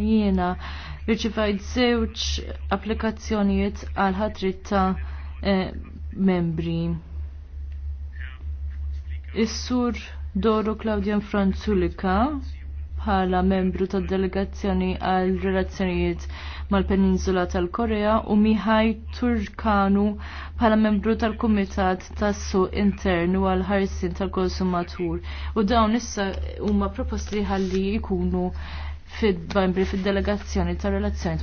Jiena rċivajt żewġ applikazzjonijiet għal ħatrit ta' eh, membri. Is-sur Doro Claudia Franzulika bħala membru tad delegazzjoni għal relazzjonijiet mal-Peninsula tal-Korea u Mihaj Turkanu bħala membru tal-Kumitat tas-Su Internu għal ħarsin tal-Konsumatur. U dawn issa huma proposti ħalli jkunu fil delegazzjoni ta' relazzjoni